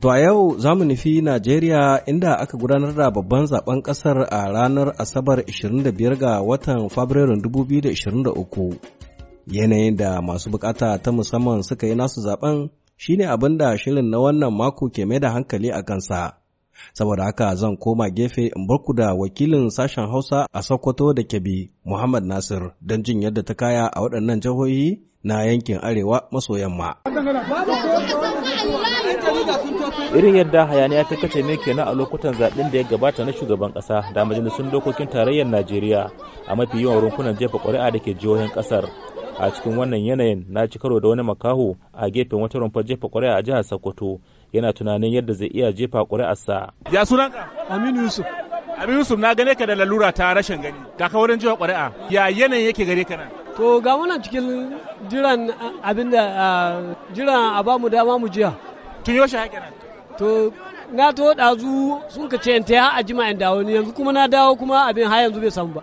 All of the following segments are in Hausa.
To a yau za mu nufi Najeriya inda aka gudanar da babban zaben ƙasar a ranar Asabar 25 ga watan Fabrairun 2023. Yanayin da masu bukata ta musamman suka yi nasu zaben shine abin da shirin na wannan mako ke mai da hankali a kansa. saboda haka zan koma gefe in barku da wakilin sashen hausa a sokoto da kebi muhammad nasir don jin yadda ta kaya a waɗannan jihohi na yankin arewa maso yamma irin yadda hayaniya ta kace ne kenan a lokutan zaɓen da ya gabata na shugaban ƙasa da majalisun dokokin tarayyar najeriya a mafi yawan rumfunan jefa ƙuri'a da ke jihohin ƙasar a cikin wannan yanayin na ci karo da wani makaho a gefen wata rumfar jefa ƙuri'a a jihar sokoto yana tunanin yadda zai iya jefa ƙuri'arsa. Ya sunanka? Aminu Yusuf. Aminu Yusuf na gane ka da lalura ta rashin gani. Ga ka wurin jefa ƙuri'a. Ya yanayin yake gare ka nan? To ga muna cikin jiran abinda jiran a ba mu dama mu jiya. Tun yau shi nan? To na to ɗazu sun ka ce ta a in dawo ni yanzu kuma na dawo kuma abin har yanzu bai samu ba.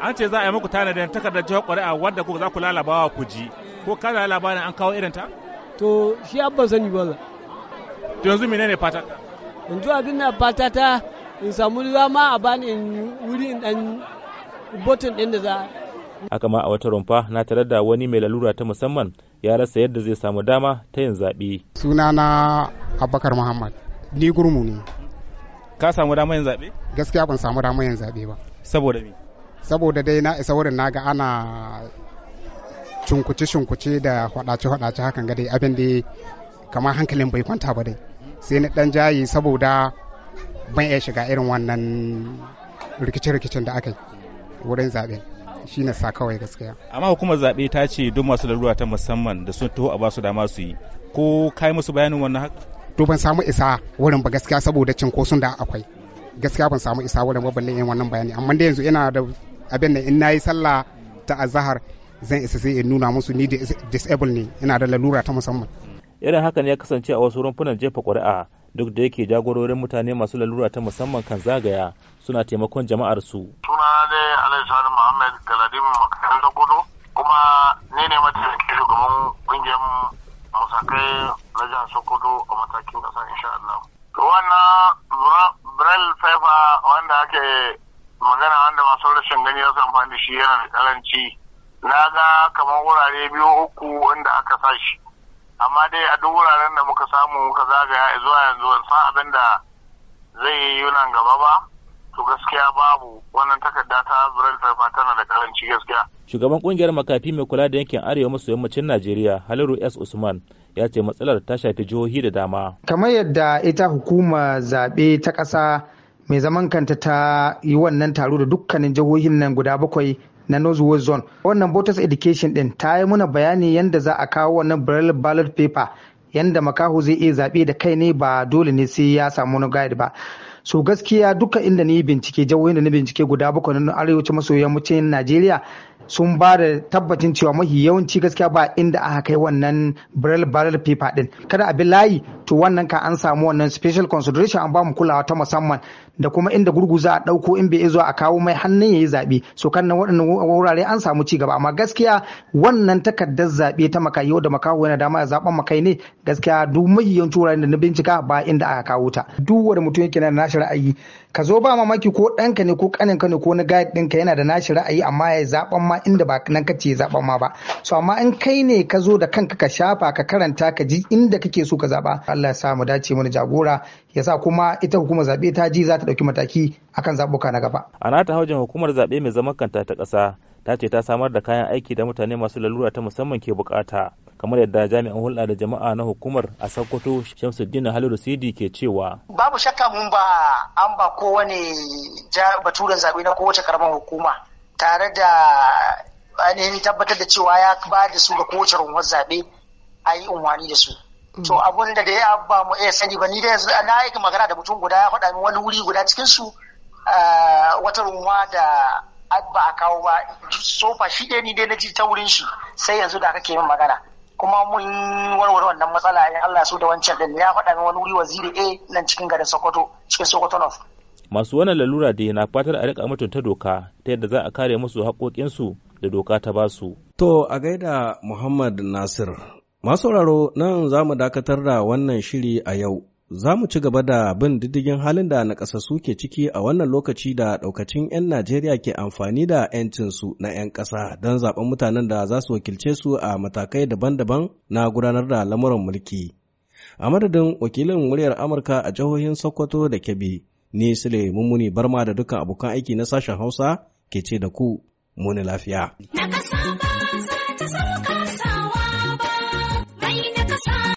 An ce za a yi muku tanadin takardar jihar ƙuri'a wadda ku za ku lalabawa ku ji. Ko kana labarin an kawo irin ta? To shi abban sani ba to yanzu menene fata yanzu abin da fata ta in samu dama a bani in wuri in dan botin din da za haka ma a wata rumfa na tare da wani mai lalura ta musamman ya rasa yadda zai samu dama ta yin zaɓe. na abubakar muhammad ni gurmu ne ka samu dama yin zaɓe? gaskiya ban samu dama yin zaɓe ba saboda me saboda dai na isa wurin naga ana cunkuce-cunkuce da hwadace-hwadace hakan ga dai abin da kamar hankalin bai kwanta ba dai sai na dan jayi saboda ban iya shiga irin wannan rikice-rikicen da aka yi wurin zaɓe shi na sa kawai gaskiya amma hukumar zaɓe ta ce duk masu larura ta musamman da sun taho a basu dama su yi ko kai musu bayanin wannan haka to ban samu isa wurin ba gaskiya saboda cinkoson da akwai gaskiya ban samu isa wurin ba balle yin wannan bayani amma da yanzu ina da abin da in nayi sallah ta azhar zan isa sai in nuna musu ni disable ne ina da lalura ta musamman irin ne ya kasance a wasu rumfunan jefa ƙuri'a duk da yake jagororin mutane masu lalura ta musamman kan zagaya suna taimakon jama'ar su suna ne alhaji sani muhammad galadimi makasar da kuma ne ne mataimakin shugaban kungiyar musakai na jihar sokoto a matakin ƙasa insha allah wannan brel faifa wanda ake magana wanda masu rashin gani ya amfani shi yana da karanci na ga kamar wurare biyu uku wanda aka sa shi amma dai a duk wuraren da muka samu muka zagaya zuwa yanzu wani sa abin da zai yi nan gaba ba to gaskiya babu wannan takarda ta Braille Taifa tana da karanci gaskiya. Shugaban kungiyar makafi mai kula da yankin arewa maso yammacin Najeriya Haliru S Usman ya ce matsalar ta shafi jihohi da dama. Kamar yadda ita hukuma zaɓe ta ƙasa mai zaman kanta ta yi wannan taro da dukkanin jihohin nan guda bakwai na Northwest Zone. Wannan Voters Education din ta yi muna bayani yadda za a kawo wannan Braille ballot paper yadda makaho zai iya zaɓe da kai ne ba dole ne sai ya samu wani guide ba. So gaskiya duka inda ni bincike jawoyin da na bincike guda bakwai na arewaci maso yammacin Najeriya sun ba da tabbacin cewa mafi yawanci gaskiya ba inda aka kai wannan braille ballot paper din kada abin layi to wannan ka an samu wannan special consideration an ba mu kulawa ta musamman da kuma inda gurgu za a ɗauko in bai izo a kawo mai hannun ya yi zaɓe so kan nan waɗannan wurare an samu ci gaba amma gaskiya wannan takardar zaɓe ta makayo da makaho yana dama ya zaɓen makai ne gaskiya duk mahiyanci wuraren da na bincika ba inda aka kawo ta duk wani mutum yake na nashi ra'ayi ka zo ba mamaki ko ɗanka ne ko ƙaninka ne ko na gayet ɗinka yana da nashi ra'ayi amma ya zaɓen ma inda ba nan kace ya zaɓen ma ba so amma in kai ne ka zo da kanka ka shafa ka karanta ka ji inda kake so ka zaɓa Allah ya sa mu dace mana jagora ya sa kuma ita hukumar zaɓe ta ji za ta ɗauki mataki akan zaɓuka na gaba. A nata haujin hukumar zaɓe mai zaman kanta ta ƙasa ta ce ta samar da kayan aiki da mutane masu lalura ta musamman ke bukata kamar yadda jami'an hulɗa da jama'a na hukumar a Sokoto Shamsuddin Halilu Sidi ke cewa. Babu shakka mun ba an ba kowane baturen zaɓe na kowace karamar hukuma tare da ainihin tabbatar da cewa ya ba da su ga kowace rumuwar zaɓe a yi unwani da su. to abun da da ya ba mu iya sani ba ni da yanzu na yi magana da mutum guda ya faɗa min wani wuri guda cikin su eh, wata ruwa da ba a kawo ba sofa shi ɗaya ni dai na ji ta wurin shi sai yanzu da aka ke min magana kuma mun warware wannan matsala in Allah su da wancan din ya faɗa min wani wuri waziri A nan cikin garin Sokoto cikin Sokoto North masu wannan lalura da na fatar a rika mutunta doka ta yadda za a kare musu haƙoƙinsu da doka ta basu. To a gaida Muhammad Nasir Masu sauraro nan za mu dakatar da wannan shiri a yau. Za mu ci gaba da bin diddigin halin da nakasassu ke ciki a wannan lokaci da ɗaukacin 'yan Najeriya ke amfani da 'yancinsu na 'yan ƙasa don zaɓen mutanen da za su wakilce su a matakai daban-daban na gudanar da lamuran mulki. A madadin wakilin muryar Amurka a jihohin Sokoto da Kebbi, ni Sule Mummuni Barma da dukkan abokan aiki na sashen Hausa ke ce da ku muni lafiya.